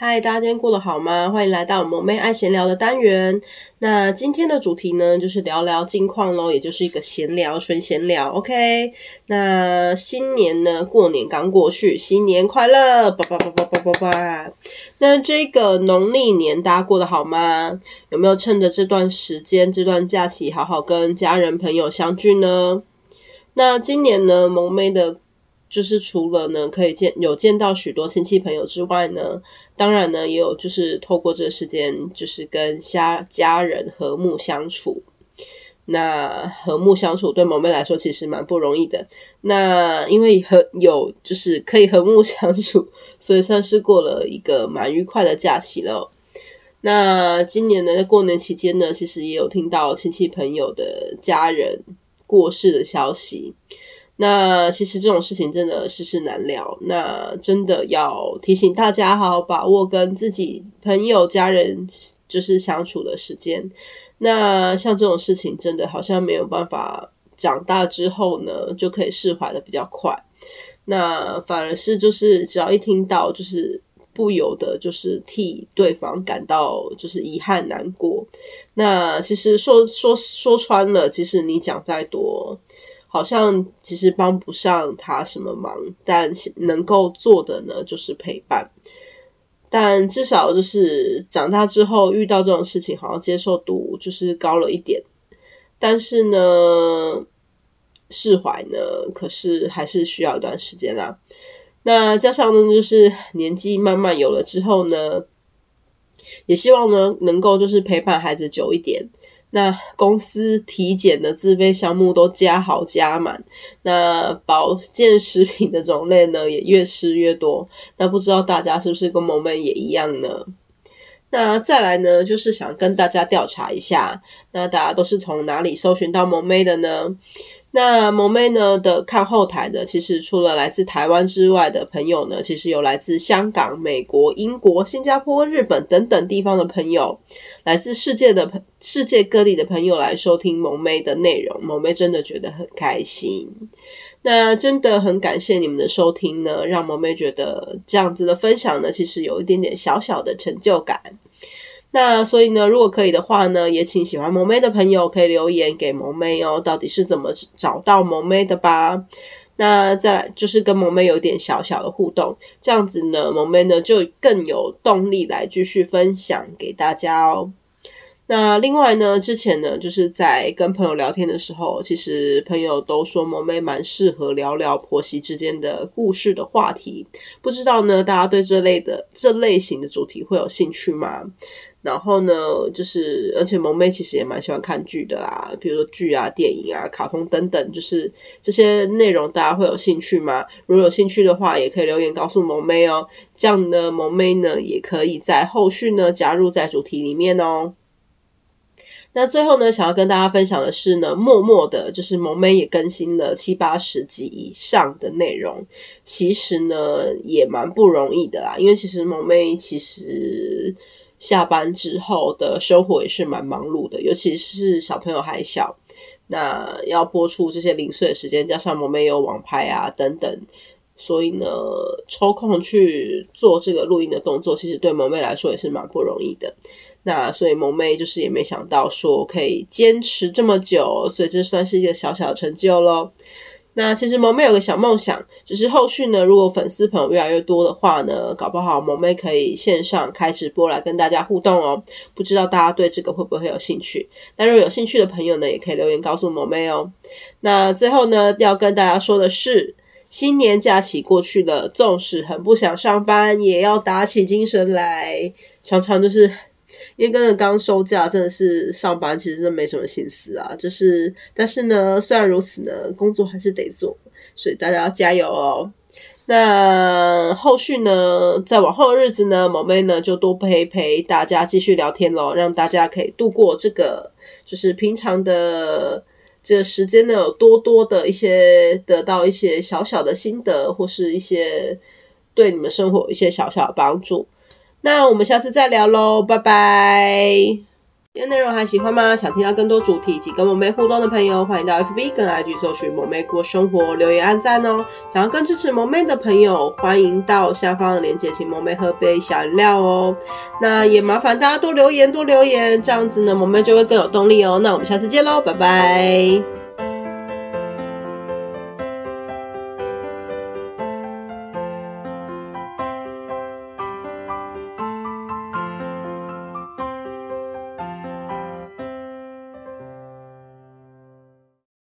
嗨，Hi, 大家今天過得好嗎？歡迎來到萌咩愛閒聊的單元。那今天的主題呢，就是聊聊近況咯，也就是一個閒聊純閒聊，OK？那新年呢，過年剛過去，新年快樂！叭叭叭叭叭叭叭。那這個農曆年大家過得好嗎？有沒有趁着這段時間、這段假期，好好跟家人朋友相聚呢？那今年呢，萌咩的。就是除了呢，可以見有見到許多親戚朋友之外呢，當然呢，也有就是透過這個時間，就是跟家家人和睦相處。那和睦相處對萌咩來說其實蠻不容易的。那因為和有就是可以和睦相處，所以算是過了一個蠻愉快的假期嘍。那今年呢，在過年期間呢，其實也有聽到親戚朋友的家人過世的消息。那其實這種事情真的世事難料，那真的要提醒大家好好把握跟自己朋友家人就是相處的時間。那像這種事情真的好像沒有辦法，長大之後呢就可以釋懷的比較快。那反而是就是只要一聽到就是不由得就是替對方感到就是遺憾難過。那其實說說說穿了，其實你講再多。好像其實幫不上他什麼忙，但能夠做的呢就是陪伴。但至少就是長大之後遇到這種事情，好像接受度就是高了一點。但是呢，釋懷呢，可是還是需要一段時間啦。那加上呢，就是年紀慢慢有了之後呢，也希望呢能夠就是陪伴孩子久一點。那公司體檢的自費項目都加好加滿，那保健食品的種類呢也越吃越多。那不知道大家是不是跟萌咩也一樣呢？那再來呢，就是想跟大家調查一下，那大家都是從哪裡搜尋到萌咩的呢？那萌咩呢的看後台呢，其實除了來自台灣之外的朋友呢，其實有來自香港、美國、英國、新加坡、日本等等地方的朋友，來自世界的朋世界各地的朋友來收聽萌咩的內容，萌咩真的覺得很開心。那真的很感謝你們的收聽呢，讓萌咩覺得這樣子的分享呢，其實有一點點小小的成就感。那所以呢，如果可以的話呢，也請喜歡萌咩的朋友可以留言給萌咩哦，到底是怎麼找到萌咩的吧？那再來就是跟萌咩有點小小的互動，這樣子呢，萌咩呢就更有動力來繼續分享給大家哦。那另外呢，之前呢，就是在跟朋友聊天的時候，其實朋友都說萌咩蠻適合聊聊婆媳之間的故事的話題。不知道呢，大家對這類的這類型的主題會有興趣嗎？然後呢，就是而且萌咩其實也蠻喜歡看劇的啦，比如說劇啊、電影啊、卡通等等，就是這些內容大家會有興趣嗎？如果有興趣的話，也可以留言告訴萌咩哦。這樣呢，萌咩呢也可以在後續呢加入在主題裡面哦。那最後呢，想要跟大家分享的是呢，默默的，就是萌咩也更新了七八十集以上的內容。其實呢，也蠻不容易的啦，因為其實萌咩其實下班之後的生活也是蠻忙碌的，尤其是小朋友還小，那要播出這些零碎的時間，加上萌咩有網拍啊等等。所以呢，抽空去做這個錄音的動作，其實對萌咩來說也是蠻不容易的。那所以萌咩就是也沒想到說可以堅持這麼久，所以這算是一個小小的成就嘍。那其實萌咩有個小夢想，只是後續呢，如果粉絲朋友越來越多的話呢，搞不好萌咩可以線上開直播來跟大家互動哦。不知道大家對這個會不會有興趣？那如果有興趣的朋友呢，也可以留言告訴萌咩哦。那最後呢，要跟大家說的是。新年假期過去了，縱使很不想上班，也要打起精神來。常常就是，因為跟着剛收假，真的是上班，其實真沒什麼心思啊。就是，但是呢，雖然如此呢，工作還是得做，所以大家要加油哦。那後續呢，在往後的日子呢，萌咩呢就多陪陪大家繼續聊天嘍，讓大家可以度過這個，就是平常的。這時間呢，有多多的一些得到一些小小的心得，或是一些對你們生活有一些小小的幫助。那我們下次再聊嘍，拜拜。內容還喜歡嗎？想聽到更多主題，及跟萌咩互動的朋友，歡迎到 FB 跟 IG 搜尋萌咩過生活，留言、按讚哦。想要更支持萌咩的朋友，歡迎到下方鏈接，請萌咩喝杯小飲料哦。那也麻煩大家多留言、多留言，這樣子呢，萌咩就會更有動力哦。那我們下次見嘍，拜拜。